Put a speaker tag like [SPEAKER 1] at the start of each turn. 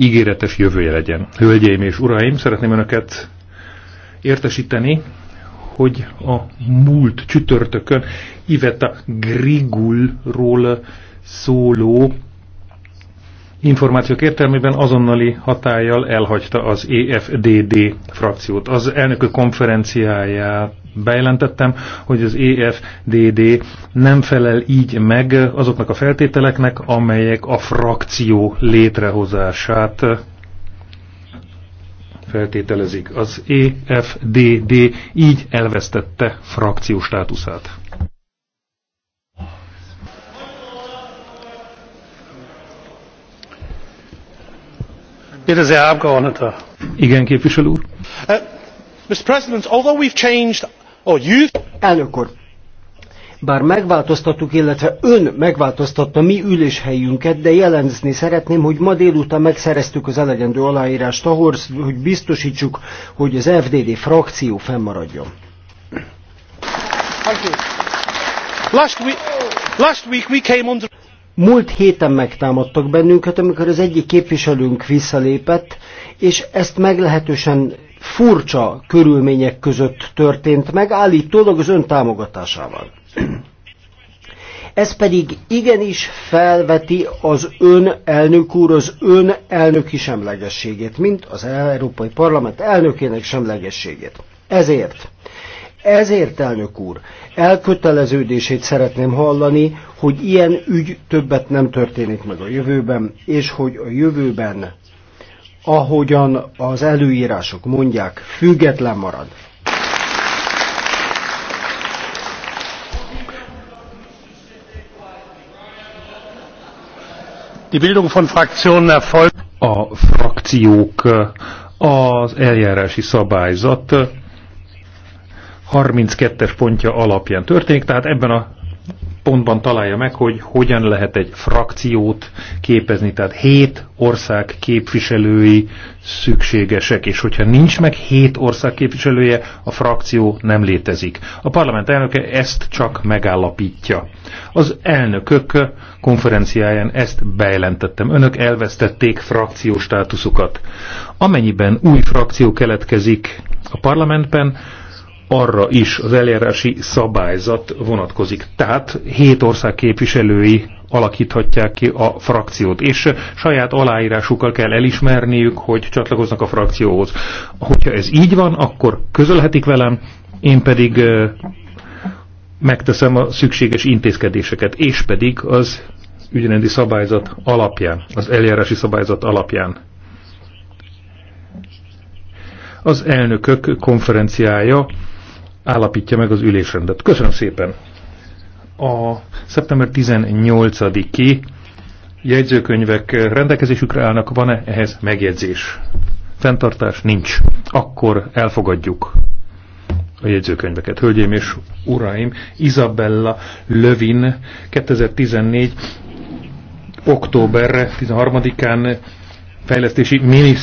[SPEAKER 1] ígéretes jövője legyen. Hölgyeim és uraim, szeretném önöket értesíteni, hogy a múlt csütörtökön Iveta Grigulról szóló információk értelmében azonnali hatállyal elhagyta az EFDD frakciót. Az elnökök konferenciáját bejelentettem, hogy az EFDD nem felel így meg azoknak a feltételeknek, amelyek a frakció létrehozását feltételezik. Az EFDD így elvesztette frakció státuszát. Kérdezi a
[SPEAKER 2] Igen, képviselő úr. Uh, Mr. President, although we've changed or oh, Elnök úr, bár megváltoztattuk, illetve ön megváltoztatta mi üléshelyünket, de jelenzni szeretném, hogy ma délután megszereztük az elegendő aláírást ahhoz, hogy biztosítsuk, hogy az FDD frakció fennmaradjon.
[SPEAKER 1] Last week, last week we came under...
[SPEAKER 2] Múlt héten megtámadtak bennünket, amikor az egyik képviselőnk visszalépett, és ezt meglehetősen furcsa körülmények között történt meg, állítólag az ön támogatásával. Ez pedig igenis felveti az ön elnök úr, az ön elnöki semlegességét, mint az Európai Parlament elnökének semlegességét. Ezért ezért, elnök úr, elköteleződését szeretném hallani, hogy ilyen ügy többet nem történik meg a jövőben, és hogy a jövőben, ahogyan az előírások mondják, független marad.
[SPEAKER 1] A frakciók az eljárási szabályzat 32-es pontja alapján történik, tehát ebben a pontban találja meg, hogy hogyan lehet egy frakciót képezni, tehát hét ország képviselői szükségesek, és hogyha nincs meg hét ország képviselője, a frakció nem létezik. A parlament elnöke ezt csak megállapítja. Az elnökök konferenciáján ezt bejelentettem. Önök elvesztették frakció státuszukat. Amennyiben új frakció keletkezik a parlamentben, arra is az eljárási szabályzat vonatkozik. Tehát hét ország képviselői alakíthatják ki a frakciót, és saját aláírásukkal kell elismerniük, hogy csatlakoznak a frakcióhoz. Hogyha ez így van, akkor közölhetik velem, én pedig megteszem a szükséges intézkedéseket, és pedig az ügyrendi szabályzat alapján, az eljárási szabályzat alapján. Az elnökök konferenciája állapítja meg az ülésrendet. Köszönöm szépen! A szeptember 18-i jegyzőkönyvek rendelkezésükre állnak, van-e ehhez megjegyzés? Fentartás nincs. Akkor elfogadjuk a jegyzőkönyveket. Hölgyeim és uraim, Isabella Lövin 2014. október 13-án fejlesztési miniszter